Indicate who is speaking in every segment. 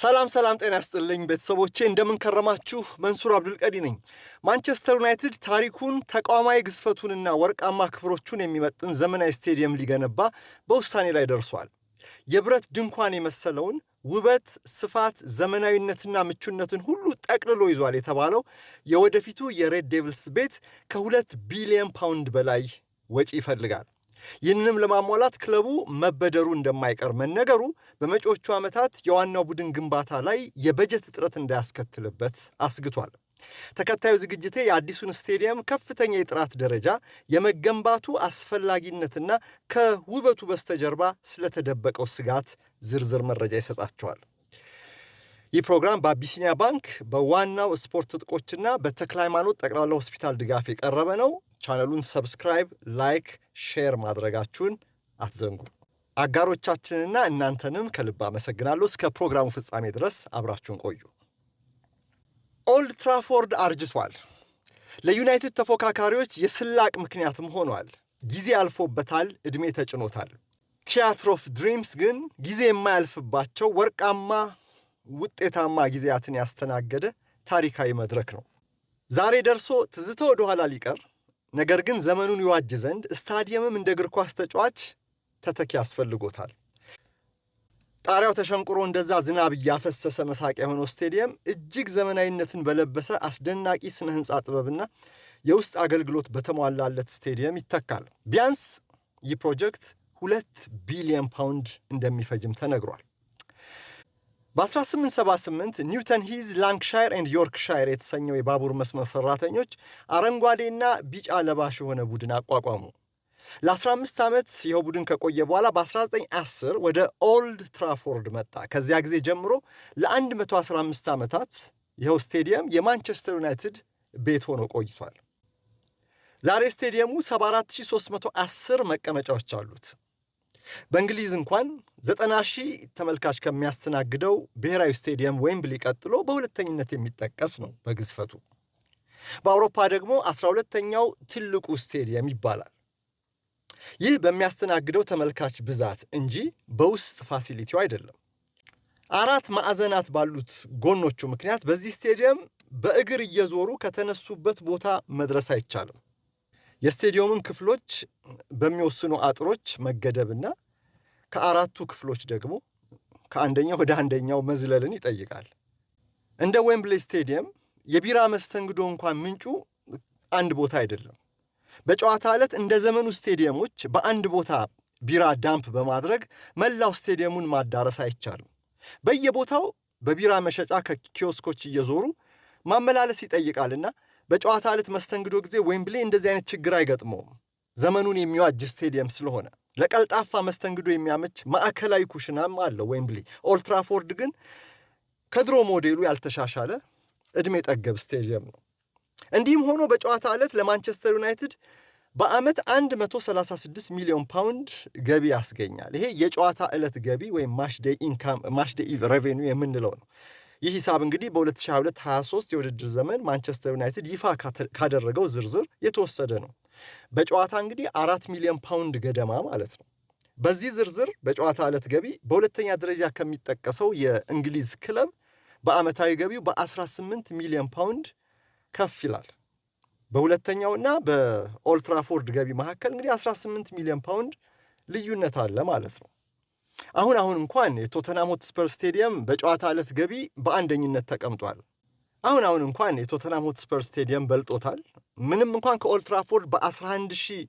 Speaker 1: ሰላም ሰላም፣ ጤና ያስጥልኝ ቤተሰቦቼ፣ እንደምንከረማችሁ መንሱር አብዱልቀዲ ነኝ። ማንቸስተር ዩናይትድ ታሪኩን ተቋማዊ ግዝፈቱንና ወርቃማ ክብሮቹን የሚመጥን ዘመናዊ ስቴዲየም ሊገነባ በውሳኔ ላይ ደርሷል። የብረት ድንኳን የመሰለውን ውበት፣ ስፋት፣ ዘመናዊነትና ምቹነትን ሁሉ ጠቅልሎ ይዟል የተባለው የወደፊቱ የሬድ ዴቪልስ ቤት ከሁለት ቢሊዮን ፓውንድ በላይ ወጪ ይፈልጋል። ይህንንም ለማሟላት ክለቡ መበደሩ እንደማይቀር መነገሩ በመጪዎቹ ዓመታት የዋናው ቡድን ግንባታ ላይ የበጀት እጥረት እንዳያስከትልበት አስግቷል። ተከታዩ ዝግጅቴ የአዲሱን ስቴዲየም ከፍተኛ የጥራት ደረጃ የመገንባቱ አስፈላጊነትና ከውበቱ በስተጀርባ ስለተደበቀው ስጋት ዝርዝር መረጃ ይሰጣቸዋል። ይህ ፕሮግራም በአቢሲኒያ ባንክ በዋናው ስፖርት ትጥቆችና በተክለ ሃይማኖት ጠቅላላ ሆስፒታል ድጋፍ የቀረበ ነው። ቻነሉን ሰብስክራይብ፣ ላይክ፣ ሼር ማድረጋችሁን አትዘንጉ። አጋሮቻችንና እናንተንም ከልብ አመሰግናለሁ። እስከ ፕሮግራሙ ፍጻሜ ድረስ አብራችሁን ቆዩ። ኦልድ ትራፎርድ አርጅቷል። ለዩናይትድ ተፎካካሪዎች የስላቅ ምክንያትም ሆኗል። ጊዜ አልፎበታል፣ ዕድሜ ተጭኖታል። ቲያትር ኦፍ ድሪምስ ግን ጊዜ የማያልፍባቸው ወርቃማ ውጤታማ ጊዜያትን ያስተናገደ ታሪካዊ መድረክ ነው። ዛሬ ደርሶ ትዝታ ወደኋላ ሊቀር ነገር ግን ዘመኑን ይዋጅ ዘንድ ስታዲየምም እንደ እግር ኳስ ተጫዋች ተተኪ ያስፈልጎታል። ጣሪያው ተሸንቁሮ እንደዛ ዝናብ እያፈሰሰ መሳቂያ የሆነው ስቴዲየም እጅግ ዘመናዊነትን በለበሰ አስደናቂ ስነ ህንፃ ጥበብና የውስጥ አገልግሎት በተሟላለት ስቴዲየም ይተካል። ቢያንስ ይህ ፕሮጀክት ሁለት ቢሊዮን ፓውንድ እንደሚፈጅም ተነግሯል። በ1878 ኒውተን ሂዝ ላንክሻይር ኤንድ ዮርክሻይር የተሰኘው የባቡር መስመር ሰራተኞች አረንጓዴና ቢጫ ለባሽ የሆነ ቡድን አቋቋሙ። ለ15 ዓመት ይኸው ቡድን ከቆየ በኋላ በ1910 ወደ ኦልድ ትራፎርድ መጣ። ከዚያ ጊዜ ጀምሮ ለ115 ዓመታት ይኸው ስቴዲየም የማንቸስተር ዩናይትድ ቤት ሆኖ ቆይቷል። ዛሬ ስቴዲየሙ 74310 መቀመጫዎች አሉት። በእንግሊዝ እንኳን ዘጠና ሺህ ተመልካች ከሚያስተናግደው ብሔራዊ ስቴዲየም ዌምብሊ ቀጥሎ በሁለተኝነት የሚጠቀስ ነው በግዝፈቱ። በአውሮፓ ደግሞ አስራ ሁለተኛው ትልቁ ስቴዲየም ይባላል። ይህ በሚያስተናግደው ተመልካች ብዛት እንጂ በውስጥ ፋሲሊቲው አይደለም። አራት ማዕዘናት ባሉት ጎኖቹ ምክንያት በዚህ ስቴዲየም በእግር እየዞሩ ከተነሱበት ቦታ መድረስ አይቻልም። የስቴዲየሙን ክፍሎች በሚወስኑ አጥሮች መገደብና ከአራቱ ክፍሎች ደግሞ ከአንደኛው ወደ አንደኛው መዝለልን ይጠይቃል። እንደ ዌምብሌ ስቴዲየም የቢራ መስተንግዶ እንኳን ምንጩ አንድ ቦታ አይደለም። በጨዋታ ዕለት እንደ ዘመኑ ስቴዲየሞች በአንድ ቦታ ቢራ ዳምፕ በማድረግ መላው ስቴዲየሙን ማዳረስ አይቻልም። በየቦታው በቢራ መሸጫ ከኪዮስኮች እየዞሩ ማመላለስ ይጠይቃልና በጨዋታ ዕለት መስተንግዶ ጊዜ ዌምብሌ እንደዚህ አይነት ችግር አይገጥመውም። ዘመኑን የሚዋጅ ስቴዲየም ስለሆነ ለቀልጣፋ መስተንግዶ የሚያመች ማዕከላዊ ኩሽናም አለው ዌምብሌ። ኦልትራፎርድ ግን ከድሮ ሞዴሉ ያልተሻሻለ እድሜ ጠገብ ስቴዲየም ነው። እንዲህም ሆኖ በጨዋታ ዕለት ለማንቸስተር ዩናይትድ በዓመት 136 ሚሊዮን ፓውንድ ገቢ ያስገኛል። ይሄ የጨዋታ ዕለት ገቢ ወይም ማሽዴ ኢንካም ኢቭ ሬቬኒ የምንለው ነው። ይህ ሂሳብ እንግዲህ በ2022/23 የውድድር ዘመን ማንቸስተር ዩናይትድ ይፋ ካደረገው ዝርዝር የተወሰደ ነው። በጨዋታ እንግዲህ አራት ሚሊዮን ፓውንድ ገደማ ማለት ነው። በዚህ ዝርዝር በጨዋታ ዕለት ገቢ በሁለተኛ ደረጃ ከሚጠቀሰው የእንግሊዝ ክለብ በዓመታዊ ገቢው በ18 ሚሊዮን ፓውንድ ከፍ ይላል። በሁለተኛውና በኦልትራፎርድ ገቢ መካከል እንግዲህ 18 ሚሊዮን ፓውንድ ልዩነት አለ ማለት ነው። አሁን አሁን እንኳን የቶተናም ሆትስፐር ስቴዲየም በጨዋታ ዕለት ገቢ በአንደኝነት ተቀምጧል። አሁን አሁን እንኳን የቶተናም ሆትስፐር ስቴዲየም በልጦታል። ምንም እንኳን ከኦልትራፎርድ በ11 ሺህ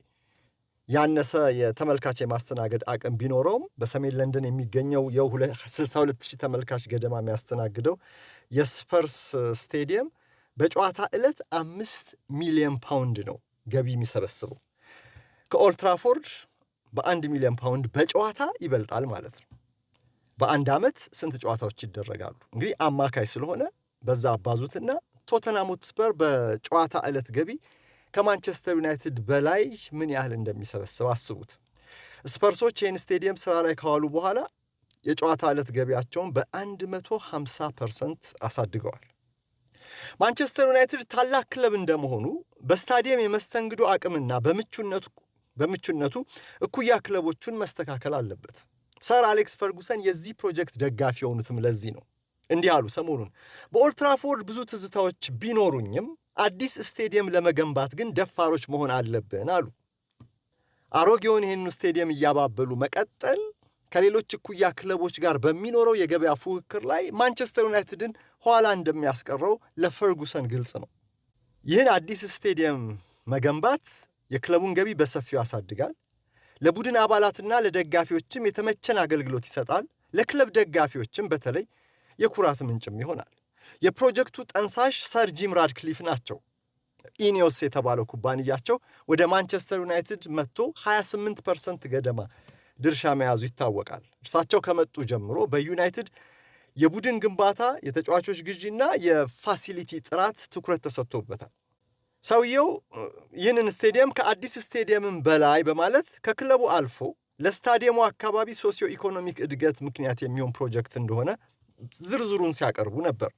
Speaker 1: ያነሰ የተመልካች የማስተናገድ አቅም ቢኖረውም በሰሜን ለንደን የሚገኘው የ62 ሺህ ተመልካች ገደማ የሚያስተናግደው የስፐርስ ስቴዲየም በጨዋታ ዕለት አምስት ሚሊዮን ፓውንድ ነው ገቢ የሚሰበስበው ከኦልትራፎርድ በአንድ ሚሊዮን ፓውንድ በጨዋታ ይበልጣል ማለት ነው። በአንድ ዓመት ስንት ጨዋታዎች ይደረጋሉ? እንግዲህ አማካይ ስለሆነ በዛ አባዙትና ቶተናም ሆትስፐር በጨዋታ ዕለት ገቢ ከማንቸስተር ዩናይትድ በላይ ምን ያህል እንደሚሰበስብ አስቡት። ስፐርሶች ይህን ስቴዲየም ስራ ላይ ከዋሉ በኋላ የጨዋታ ዕለት ገቢያቸውን በ150 ፐርሰንት አሳድገዋል። ማንቸስተር ዩናይትድ ታላቅ ክለብ እንደመሆኑ በስታዲየም የመስተንግዶ አቅምና በምቹነቱ በምቹነቱ እኩያ ክለቦቹን መስተካከል አለበት። ሰር አሌክስ ፈርጉሰን የዚህ ፕሮጀክት ደጋፊ የሆኑትም ለዚህ ነው። እንዲህ አሉ ሰሞኑን በኦልትራፎርድ ብዙ ትዝታዎች ቢኖሩኝም አዲስ ስቴዲየም ለመገንባት ግን ደፋሮች መሆን አለብን አሉ። አሮጌውን ይህንኑ ስቴዲየም እያባበሉ መቀጠል ከሌሎች እኩያ ክለቦች ጋር በሚኖረው የገበያ ፉክክር ላይ ማንቸስተር ዩናይትድን ኋላ እንደሚያስቀረው ለፈርጉሰን ግልጽ ነው። ይህን አዲስ ስቴዲየም መገንባት የክለቡን ገቢ በሰፊው ያሳድጋል። ለቡድን አባላትና ለደጋፊዎችም የተመቸን አገልግሎት ይሰጣል። ለክለብ ደጋፊዎችም በተለይ የኩራት ምንጭም ይሆናል። የፕሮጀክቱ ጠንሳሽ ሰር ጂም ራድክሊፍ ናቸው። ኢኒዮስ የተባለው ኩባንያቸው ወደ ማንቸስተር ዩናይትድ መጥቶ 28 ፐርሰንት ገደማ ድርሻ መያዙ ይታወቃል። እርሳቸው ከመጡ ጀምሮ በዩናይትድ የቡድን ግንባታ፣ የተጫዋቾች ግዢና የፋሲሊቲ ጥራት ትኩረት ተሰጥቶበታል። ሰውየው ይህንን ስቴዲየም ከአዲስ ስቴዲየምን በላይ በማለት ከክለቡ አልፎ ለስታዲየሙ አካባቢ ሶሲዮ ኢኮኖሚክ እድገት ምክንያት የሚሆን ፕሮጀክት እንደሆነ ዝርዝሩን ሲያቀርቡ ነበር።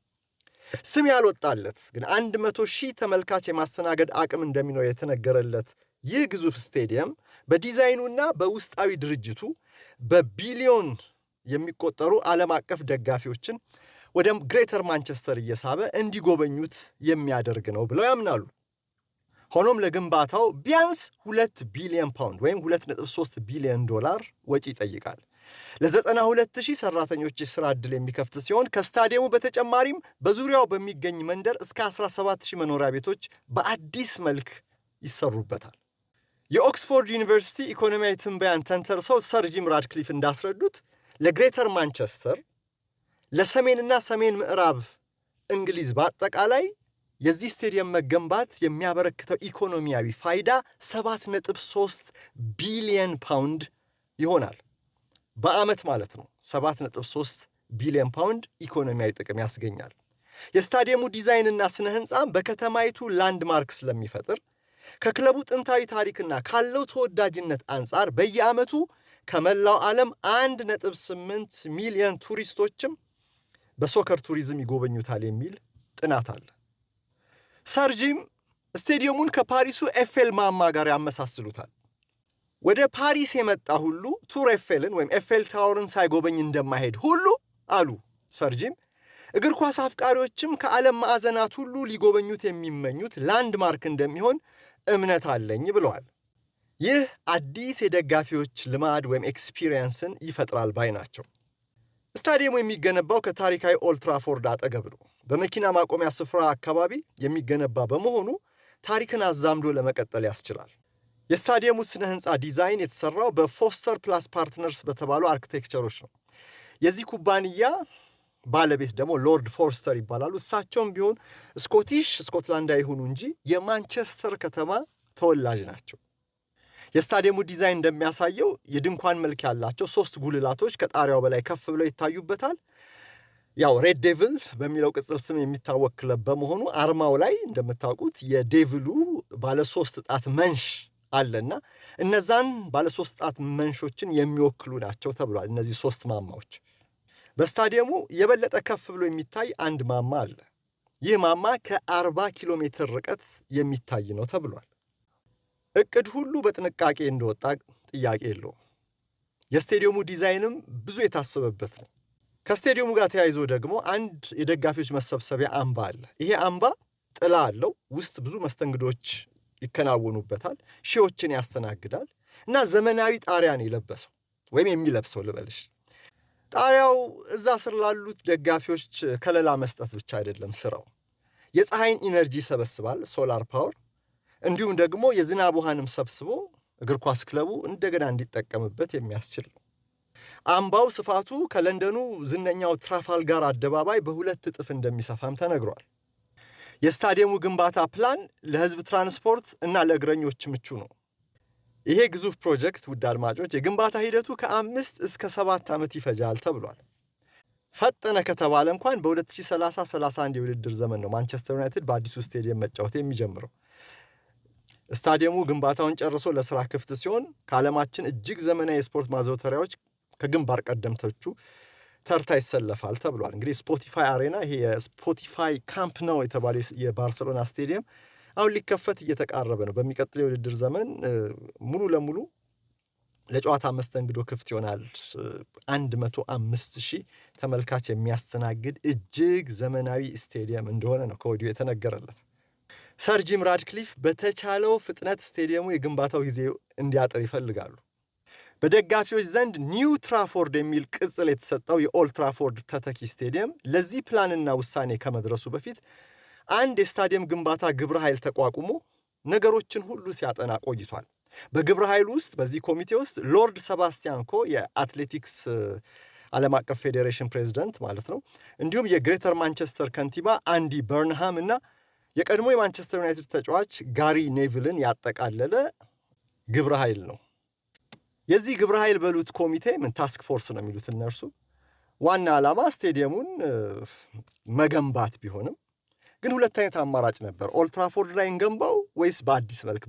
Speaker 1: ስም ያልወጣለት ግን አንድ መቶ ሺህ ተመልካች የማስተናገድ አቅም እንደሚኖር የተነገረለት ይህ ግዙፍ ስቴዲየም በዲዛይኑና በውስጣዊ ድርጅቱ በቢሊዮን የሚቆጠሩ ዓለም አቀፍ ደጋፊዎችን ወደ ግሬተር ማንቸስተር እየሳበ እንዲጎበኙት የሚያደርግ ነው ብለው ያምናሉ። ሆኖም ለግንባታው ቢያንስ 2 ቢሊዮን ፓውንድ ወይም 2.3 ቢሊዮን ዶላር ወጪ ይጠይቃል። ለ92 ሺህ ሰራተኞች የስራ ዕድል የሚከፍት ሲሆን ከስታዲየሙ በተጨማሪም በዙሪያው በሚገኝ መንደር እስከ 17 ሺህ መኖሪያ ቤቶች በአዲስ መልክ ይሰሩበታል። የኦክስፎርድ ዩኒቨርሲቲ ኢኮኖሚያዊ ትንበያን ተንተርሰው ሰር ጂም ራድክሊፍ እንዳስረዱት ለግሬተር ማንቸስተር ለሰሜንና ሰሜን ምዕራብ እንግሊዝ በአጠቃላይ የዚህ ስቴዲየም መገንባት የሚያበረክተው ኢኮኖሚያዊ ፋይዳ 7.3 ቢሊየን ፓውንድ ይሆናል። በዓመት ማለት ነው። 7.3 ቢሊየን ፓውንድ ኢኮኖሚያዊ ጥቅም ያስገኛል። የስታዲየሙ ዲዛይንና ስነ ህንፃ በከተማይቱ ላንድማርክ ስለሚፈጥር ከክለቡ ጥንታዊ ታሪክና ካለው ተወዳጅነት አንጻር በየዓመቱ ከመላው ዓለም 1.8 ሚሊዮን ቱሪስቶችም በሶከር ቱሪዝም ይጎበኙታል የሚል ጥናት አለ። ሰርጂም ስቴዲየሙን ከፓሪሱ ኤፌል ማማ ጋር ያመሳስሉታል። ወደ ፓሪስ የመጣ ሁሉ ቱር ኤፌልን ወይም ኤፌል ታወርን ሳይጎበኝ እንደማይሄድ ሁሉ አሉ ሰርጂም። እግር ኳስ አፍቃሪዎችም ከዓለም ማዕዘናት ሁሉ ሊጎበኙት የሚመኙት ላንድማርክ እንደሚሆን እምነት አለኝ ብለዋል። ይህ አዲስ የደጋፊዎች ልማድ ወይም ኤክስፒሪየንስን ይፈጥራል ባይ ናቸው። ስታዲየሙ የሚገነባው ከታሪካዊ ኦልትራፎርድ አጠገብ ነው። በመኪና ማቆሚያ ስፍራ አካባቢ የሚገነባ በመሆኑ ታሪክን አዛምዶ ለመቀጠል ያስችላል። የስታዲየሙ ስነ ህንፃ ዲዛይን የተሰራው በፎስተር ፕላስ ፓርትነርስ በተባሉ አርክቴክቸሮች ነው። የዚህ ኩባንያ ባለቤት ደግሞ ሎርድ ፎርስተር ይባላሉ። እሳቸውም ቢሆን ስኮቲሽ ስኮትላንድ ይሁኑ እንጂ የማንቸስተር ከተማ ተወላጅ ናቸው። የስታዲየሙ ዲዛይን እንደሚያሳየው የድንኳን መልክ ያላቸው ሶስት ጉልላቶች ከጣሪያው በላይ ከፍ ብለው ይታዩበታል። ያው ሬድ ዴቭል በሚለው ቅጽል ስም የሚታወቅ ክለብ በመሆኑ አርማው ላይ እንደምታውቁት የዴቭሉ ባለሶስት ጣት መንሽ አለና እነዛን ባለሶስት ጣት መንሾችን የሚወክሉ ናቸው ተብሏል። እነዚህ ሶስት ማማዎች በስታዲየሙ የበለጠ ከፍ ብሎ የሚታይ አንድ ማማ አለ። ይህ ማማ ከአርባ ኪሎ ሜትር ርቀት የሚታይ ነው ተብሏል። እቅድ ሁሉ በጥንቃቄ እንደወጣ ጥያቄ የለውም። የስቴዲየሙ ዲዛይንም ብዙ የታሰበበት ነው። ከስቴዲየሙ ጋር ተያይዞ ደግሞ አንድ የደጋፊዎች መሰብሰቢያ አምባ አለ። ይሄ አምባ ጥላ አለው። ውስጥ ብዙ መስተንግዶች ይከናወኑበታል። ሺዎችን ያስተናግዳል እና ዘመናዊ ጣሪያን የለበሰው ወይም የሚለብሰው ልበልሽ። ጣሪያው እዛ ስር ላሉት ደጋፊዎች ከለላ መስጠት ብቻ አይደለም ስራው። የፀሐይን ኢነርጂ ይሰበስባል፣ ሶላር ፓወር፣ እንዲሁም ደግሞ የዝናብ ውሃንም ሰብስቦ እግር ኳስ ክለቡ እንደገና እንዲጠቀምበት የሚያስችል ነው። አምባው ስፋቱ ከለንደኑ ዝነኛው ትራፋልጋር አደባባይ በሁለት እጥፍ እንደሚሰፋም ተነግሯል። የስታዲየሙ ግንባታ ፕላን ለህዝብ ትራንስፖርት እና ለእግረኞች ምቹ ነው። ይሄ ግዙፍ ፕሮጀክት ውድ አድማጮች፣ የግንባታ ሂደቱ ከአምስት እስከ ሰባት ዓመት ይፈጃል ተብሏል። ፈጠነ ከተባለ እንኳን በ2030 31 የውድድር ዘመን ነው ማንቸስተር ዩናይትድ በአዲሱ ስቴዲየም መጫወት የሚጀምረው። ስታዲየሙ ግንባታውን ጨርሶ ለስራ ክፍት ሲሆን ከዓለማችን እጅግ ዘመናዊ የስፖርት ማዘውተሪያዎች ከግንባር ቀደምቶቹ ተርታ ይሰለፋል ተብሏል። እንግዲህ ስፖቲፋይ አሬና ይሄ የስፖቲፋይ ካምፕ ነው የተባለ የባርሰሎና ስቴዲየም አሁን ሊከፈት እየተቃረበ ነው። በሚቀጥለው የውድድር ዘመን ሙሉ ለሙሉ ለጨዋታ መስተንግዶ ክፍት ይሆናል። 105 ሺህ ተመልካች የሚያስተናግድ እጅግ ዘመናዊ ስቴዲየም እንደሆነ ነው ከወዲሁ የተነገረለት። ሰር ጂም ራድክሊፍ በተቻለው ፍጥነት ስቴዲየሙ የግንባታው ጊዜ እንዲያጥር ይፈልጋሉ። በደጋፊዎች ዘንድ ኒው ትራፎርድ የሚል ቅጽል የተሰጠው የኦልድ ትራፎርድ ተተኪ ስቴዲየም ለዚህ ፕላንና ውሳኔ ከመድረሱ በፊት አንድ የስታዲየም ግንባታ ግብረ ኃይል ተቋቁሞ ነገሮችን ሁሉ ሲያጠና ቆይቷል። በግብረ ኃይል ውስጥ በዚህ ኮሚቴ ውስጥ ሎርድ ሰባስቲያን ኮ የአትሌቲክስ ዓለም አቀፍ ፌዴሬሽን ፕሬዚደንት ማለት ነው፣ እንዲሁም የግሬተር ማንቸስተር ከንቲባ አንዲ በርንሃም እና የቀድሞ የማንቸስተር ዩናይትድ ተጫዋች ጋሪ ኔቪልን ያጠቃለለ ግብረ ኃይል ነው። የዚህ ግብረ ኃይል በሉት ኮሚቴ ምን ታስክ ፎርስ ነው የሚሉት እነርሱ ዋና ዓላማ ስቴዲየሙን መገንባት ቢሆንም ግን ሁለት አይነት አማራጭ ነበር። ኦልትራፎርድ ላይ እንገንባው ወይስ በአዲስ መልክ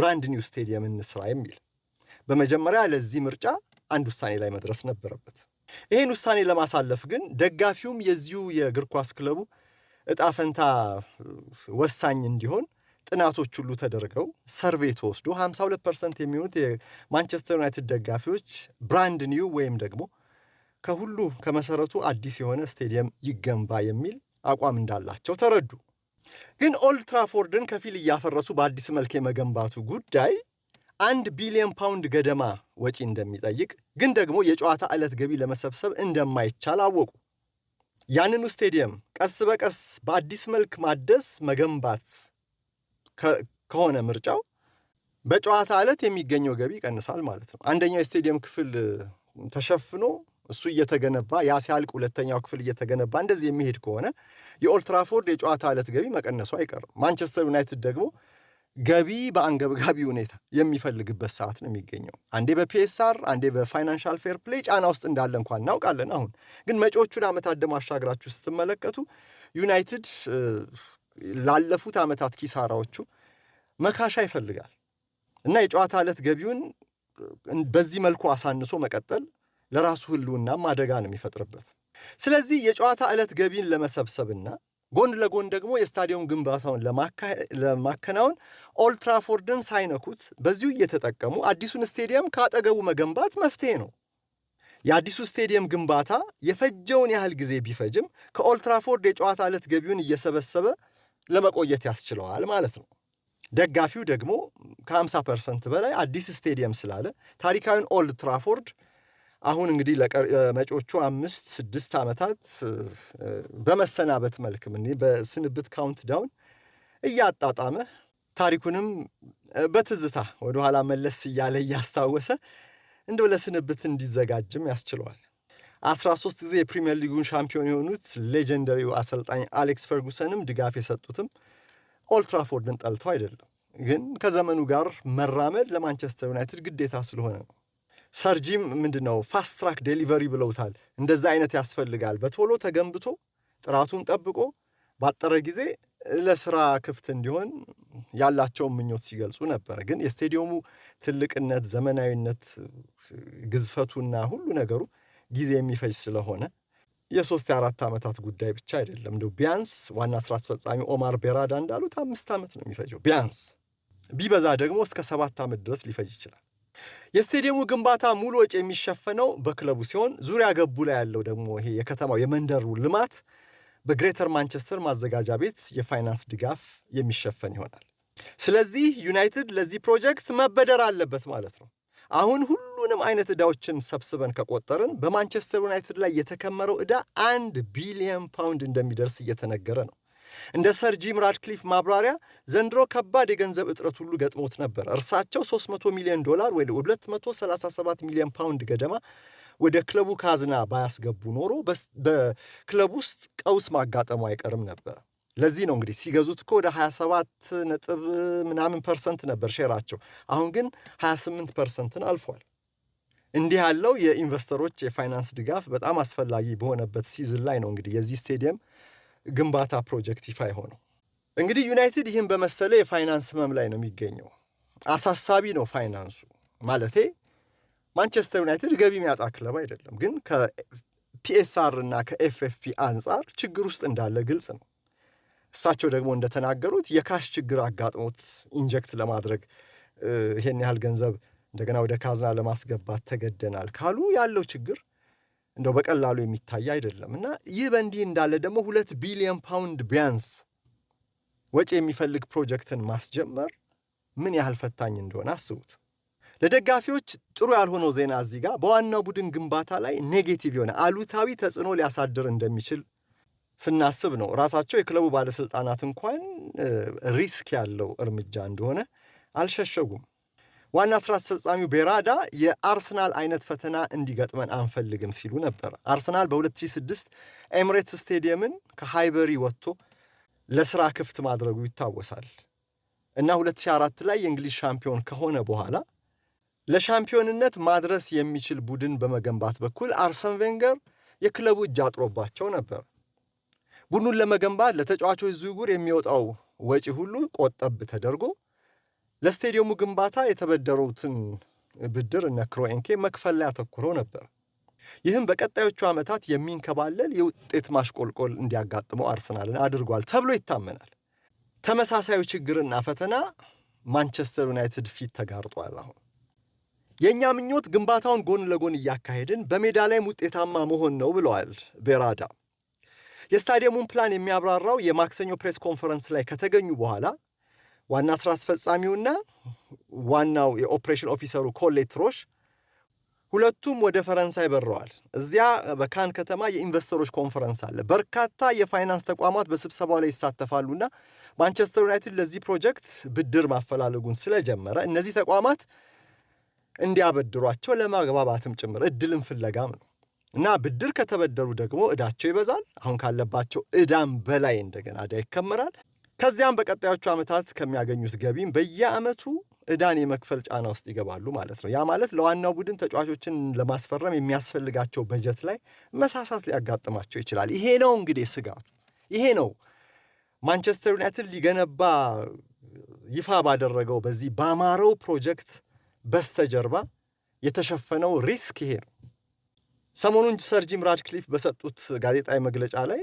Speaker 1: ብራንድ ኒው ስቴዲየም እንስራ የሚል። በመጀመሪያ ለዚህ ምርጫ አንድ ውሳኔ ላይ መድረስ ነበረበት። ይህን ውሳኔ ለማሳለፍ ግን ደጋፊውም የዚሁ የእግር ኳስ ክለቡ እጣ ፈንታ ወሳኝ እንዲሆን ጥናቶች ሁሉ ተደርገው ሰርቬይ ተወስዶ 52 ፐርሰንት የሚሆኑት የማንቸስተር ዩናይትድ ደጋፊዎች ብራንድ ኒው ወይም ደግሞ ከሁሉ ከመሰረቱ አዲስ የሆነ ስቴዲየም ይገንባ የሚል አቋም እንዳላቸው ተረዱ። ግን ኦልድ ትራፎርድን ከፊል እያፈረሱ በአዲስ መልክ የመገንባቱ ጉዳይ አንድ ቢሊዮን ፓውንድ ገደማ ወጪ እንደሚጠይቅ ግን ደግሞ የጨዋታ ዕለት ገቢ ለመሰብሰብ እንደማይቻል አወቁ። ያንኑ ስቴዲየም ቀስ በቀስ በአዲስ መልክ ማደስ መገንባት ከሆነ ምርጫው በጨዋታ ዕለት የሚገኘው ገቢ ይቀንሳል ማለት ነው። አንደኛው የስቴዲየም ክፍል ተሸፍኖ እሱ እየተገነባ ያ ሲያልቅ ሁለተኛው ክፍል እየተገነባ እንደዚህ የሚሄድ ከሆነ የኦልትራፎርድ የጨዋታ ዕለት ገቢ መቀነሱ አይቀርም። ማንቸስተር ዩናይትድ ደግሞ ገቢ በአንገብጋቢ ሁኔታ የሚፈልግበት ሰዓት ነው የሚገኘው። አንዴ በፒኤስአር አንዴ በፋይናንሻል ፌር ፕሌይ ጫና ውስጥ እንዳለ እንኳን እናውቃለን። አሁን ግን መጪዎቹን ዓመታት ደግሞ አሻግራችሁ ስትመለከቱ ዩናይትድ ላለፉት ዓመታት ኪሳራዎቹ መካሻ ይፈልጋል እና የጨዋታ ዕለት ገቢውን በዚህ መልኩ አሳንሶ መቀጠል ለራሱ ህልውናም አደጋ ነው የሚፈጥርበት። ስለዚህ የጨዋታ ዕለት ገቢን ለመሰብሰብና ጎን ለጎን ደግሞ የስታዲየም ግንባታውን ለማከናወን ኦልትራፎርድን ሳይነኩት በዚሁ እየተጠቀሙ አዲሱን ስቴዲየም ከአጠገቡ መገንባት መፍትሄ ነው። የአዲሱ ስቴዲየም ግንባታ የፈጀውን ያህል ጊዜ ቢፈጅም ከኦልትራፎርድ የጨዋታ ዕለት ገቢውን እየሰበሰበ ለመቆየት ያስችለዋል ማለት ነው። ደጋፊው ደግሞ ከ50 ፐርሰንት በላይ አዲስ ስቴዲየም ስላለ ታሪካዊን ኦልድ ትራፎርድ አሁን እንግዲህ መጪዎቹ አምስት ስድስት ዓመታት በመሰናበት መልክም በስንብት ካውንት ዳውን እያጣጣመ ታሪኩንም በትዝታ ወደኋላ መለስ እያለ እያስታወሰ እንደው ለስንብት እንዲዘጋጅም ያስችለዋል። አስራ ሶስት ጊዜ የፕሪምየር ሊጉን ሻምፒዮን የሆኑት ሌጀንደሪው አሰልጣኝ አሌክስ ፈርጉሰንም ድጋፍ የሰጡትም ኦልትራፎርድን ጠልተው አይደለም፣ ግን ከዘመኑ ጋር መራመድ ለማንቸስተር ዩናይትድ ግዴታ ስለሆነ ነው። ሰርጂም ምንድን ነው ፋስት ትራክ ዴሊቨሪ ብለውታል። እንደዛ አይነት ያስፈልጋል። በቶሎ ተገንብቶ ጥራቱን ጠብቆ ባጠረ ጊዜ ለስራ ክፍት እንዲሆን ያላቸውን ምኞት ሲገልጹ ነበረ። ግን የስቴዲየሙ ትልቅነት፣ ዘመናዊነት፣ ግዝፈቱና ሁሉ ነገሩ ጊዜ የሚፈጅ ስለሆነ የሶስት የአራት ዓመታት ጉዳይ ብቻ አይደለም። እንደው ቢያንስ ዋና ስራ አስፈጻሚ ኦማር ቤራዳ እንዳሉት አምስት ዓመት ነው የሚፈጀው ቢያንስ ቢበዛ ደግሞ እስከ ሰባት ዓመት ድረስ ሊፈጅ ይችላል። የስቴዲየሙ ግንባታ ሙሉ ወጪ የሚሸፈነው በክለቡ ሲሆን ዙሪያ ገቡ ላይ ያለው ደግሞ ይሄ የከተማው የመንደሩ ልማት በግሬተር ማንቸስተር ማዘጋጃ ቤት የፋይናንስ ድጋፍ የሚሸፈን ይሆናል። ስለዚህ ዩናይትድ ለዚህ ፕሮጀክት መበደር አለበት ማለት ነው። አሁን ሁሉ ሁሉንም አይነት እዳዎችን ሰብስበን ከቆጠርን በማንቸስተር ዩናይትድ ላይ የተከመረው ዕዳ አንድ ቢሊየን ፓውንድ እንደሚደርስ እየተነገረ ነው። እንደ ሰር ጂም ራድክሊፍ ማብራሪያ ዘንድሮ ከባድ የገንዘብ እጥረት ሁሉ ገጥሞት ነበር። እርሳቸው 300 ሚሊዮን ዶላር ወይ 237 ሚሊዮን ፓውንድ ገደማ ወደ ክለቡ ካዝና ባያስገቡ ኖሮ በክለቡ ውስጥ ቀውስ ማጋጠሙ አይቀርም ነበር። ለዚህ ነው እንግዲህ ሲገዙት እኮ ወደ 27 ነጥብ ምናምን ፐርሰንት ነበር ሼራቸው፣ አሁን ግን 28 ፐርሰንትን አልፏል። እንዲህ ያለው የኢንቨስተሮች የፋይናንስ ድጋፍ በጣም አስፈላጊ በሆነበት ሲዝን ላይ ነው እንግዲህ የዚህ ስቴዲየም ግንባታ ፕሮጀክት ይፋ የሆነው። እንግዲህ ዩናይትድ ይህን በመሰለ የፋይናንስ ህመም ላይ ነው የሚገኘው። አሳሳቢ ነው ፋይናንሱ። ማለቴ ማንቸስተር ዩናይትድ ገቢ የሚያጣ ክለብ አይደለም፣ ግን ከፒኤስአር እና ከኤፍኤፍፒ አንጻር ችግር ውስጥ እንዳለ ግልጽ ነው። እሳቸው ደግሞ እንደተናገሩት የካሽ ችግር አጋጥሞት ኢንጀክት ለማድረግ ይሄን ያህል ገንዘብ እንደገና ወደ ካዝና ለማስገባት ተገደናል ካሉ ያለው ችግር እንደው በቀላሉ የሚታይ አይደለም እና ይህ በእንዲህ እንዳለ ደግሞ ሁለት ቢሊዮን ፓውንድ ቢያንስ ወጪ የሚፈልግ ፕሮጀክትን ማስጀመር ምን ያህል ፈታኝ እንደሆነ አስቡት። ለደጋፊዎች ጥሩ ያልሆነው ዜና እዚህ ጋር በዋናው ቡድን ግንባታ ላይ ኔጌቲቭ የሆነ አሉታዊ ተጽዕኖ ሊያሳድር እንደሚችል ስናስብ ነው። ራሳቸው የክለቡ ባለስልጣናት እንኳን ሪስክ ያለው እርምጃ እንደሆነ አልሸሸጉም። ዋና ስራ አስፈጻሚው ቤራዳ የአርሰናል አይነት ፈተና እንዲገጥመን አንፈልግም ሲሉ ነበር። አርሰናል በ2006 ኤምሬትስ ስቴዲየምን ከሃይበሪ ወጥቶ ለስራ ክፍት ማድረጉ ይታወሳል እና 2004 ላይ የእንግሊዝ ሻምፒዮን ከሆነ በኋላ ለሻምፒዮንነት ማድረስ የሚችል ቡድን በመገንባት በኩል አርሰን ቬንገር የክለቡ እጅ አጥሮባቸው ነበር። ቡድኑን ለመገንባት ለተጫዋቾች ዝውውር የሚወጣው ወጪ ሁሉ ቆጠብ ተደርጎ ለስቴዲየሙ ግንባታ የተበደሩትን ብድር እነ ክሮኤንኬ መክፈል ላይ አተኩረው ነበር። ይህም በቀጣዮቹ ዓመታት የሚንከባለል የውጤት ማሽቆልቆል እንዲያጋጥመው አርሰናልን አድርጓል ተብሎ ይታመናል። ተመሳሳዩ ችግርና ፈተና ማንቸስተር ዩናይትድ ፊት ተጋርጧል። አሁን የእኛ ምኞት ግንባታውን ጎን ለጎን እያካሄድን በሜዳ ላይም ውጤታማ መሆን ነው ብለዋል ቤራዳ። የስታዲየሙን ፕላን የሚያብራራው የማክሰኞ ፕሬስ ኮንፈረንስ ላይ ከተገኙ በኋላ ዋና ስራ አስፈጻሚውና ዋናው የኦፕሬሽን ኦፊሰሩ ኮሌትሮሽ ሁለቱም ወደ ፈረንሳይ በረዋል። እዚያ በካን ከተማ የኢንቨስተሮች ኮንፈረንስ አለ። በርካታ የፋይናንስ ተቋማት በስብሰባው ላይ ይሳተፋሉና ማንቸስተር ዩናይትድ ለዚህ ፕሮጀክት ብድር ማፈላለጉን ስለጀመረ እነዚህ ተቋማት እንዲያበድሯቸው ለማግባባትም ጭምር እድልም ፍለጋም ነው እና ብድር ከተበደሩ ደግሞ እዳቸው ይበዛል። አሁን ካለባቸው እዳም በላይ እንደገና እዳ ይከመራል። ከዚያም በቀጣዮቹ ዓመታት ከሚያገኙት ገቢም በየዓመቱ እዳን የመክፈል ጫና ውስጥ ይገባሉ ማለት ነው። ያ ማለት ለዋናው ቡድን ተጫዋቾችን ለማስፈረም የሚያስፈልጋቸው በጀት ላይ መሳሳት ሊያጋጥማቸው ይችላል። ይሄ ነው እንግዲህ ስጋቱ። ይሄ ነው ማንቸስተር ዩናይትድ ሊገነባ ይፋ ባደረገው በዚህ ባማረው ፕሮጀክት በስተጀርባ የተሸፈነው ሪስክ ይሄ ነው። ሰሞኑን ሰር ጂም ራድክሊፍ በሰጡት ጋዜጣዊ መግለጫ ላይ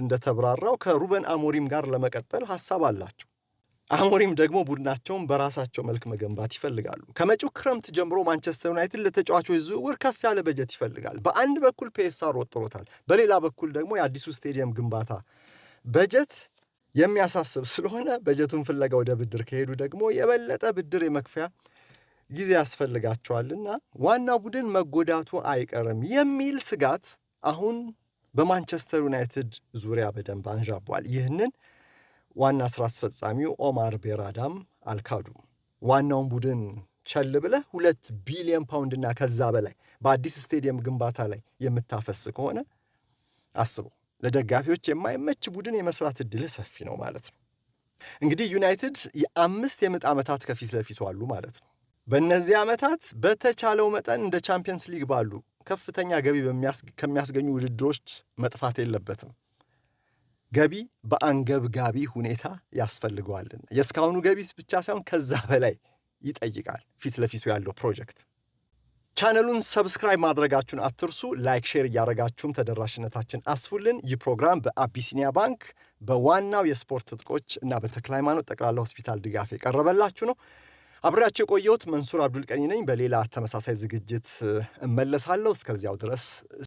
Speaker 1: እንደተብራራው ከሩበን አሞሪም ጋር ለመቀጠል ሀሳብ አላቸው። አሞሪም ደግሞ ቡድናቸውን በራሳቸው መልክ መገንባት ይፈልጋሉ። ከመጪው ክረምት ጀምሮ ማንቸስተር ዩናይትድ ለተጫዋቾች ዝውውር ከፍ ያለ በጀት ይፈልጋል። በአንድ በኩል ፒኤስአር ወጥሮታል፣ በሌላ በኩል ደግሞ የአዲሱ ስቴዲየም ግንባታ በጀት የሚያሳስብ ስለሆነ በጀቱን ፍለጋ ወደ ብድር ከሄዱ ደግሞ የበለጠ ብድር የመክፈያ ጊዜ ያስፈልጋቸዋልና ዋና ቡድን መጎዳቱ አይቀርም የሚል ስጋት አሁን በማንቸስተር ዩናይትድ ዙሪያ በደንብ አንዣቧል። ይህንን ዋና ስራ አስፈጻሚው ኦማር ቤራዳም አልካዱም። ዋናውን ቡድን ቸል ብለህ ሁለት ቢሊዮን ፓውንድና ከዛ በላይ በአዲስ ስቴዲየም ግንባታ ላይ የምታፈስ ከሆነ አስበው፣ ለደጋፊዎች የማይመች ቡድን የመስራት እድልህ ሰፊ ነው ማለት ነው። እንግዲህ ዩናይትድ የአምስት የምጥ ዓመታት ከፊት ለፊቱ አሉ ማለት ነው። በእነዚህ ዓመታት በተቻለው መጠን እንደ ቻምፒየንስ ሊግ ባሉ ከፍተኛ ገቢ ከሚያስገኙ ውድድሮች መጥፋት የለበትም። ገቢ በአንገብጋቢ ሁኔታ ያስፈልገዋልና የእስካሁኑ ገቢ ብቻ ሳይሆን ከዛ በላይ ይጠይቃል። ፊት ለፊቱ ያለው ፕሮጀክት ቻነሉን ሰብስክራይብ ማድረጋችሁን አትርሱ። ላይክ፣ ሼር እያደረጋችሁም ተደራሽነታችን አስፉልን። ይህ ፕሮግራም በአቢሲኒያ ባንክ በዋናው የስፖርት ትጥቆች እና በተክለ ሃይማኖት ጠቅላላ ሆስፒታል ድጋፍ የቀረበላችሁ ነው። አብሬያቸው የቆየሁት መንሱር አብዱል ነኝ። በሌላ ተመሳሳይ ዝግጅት እመለሳለሁ። እስከዚያው ድረስ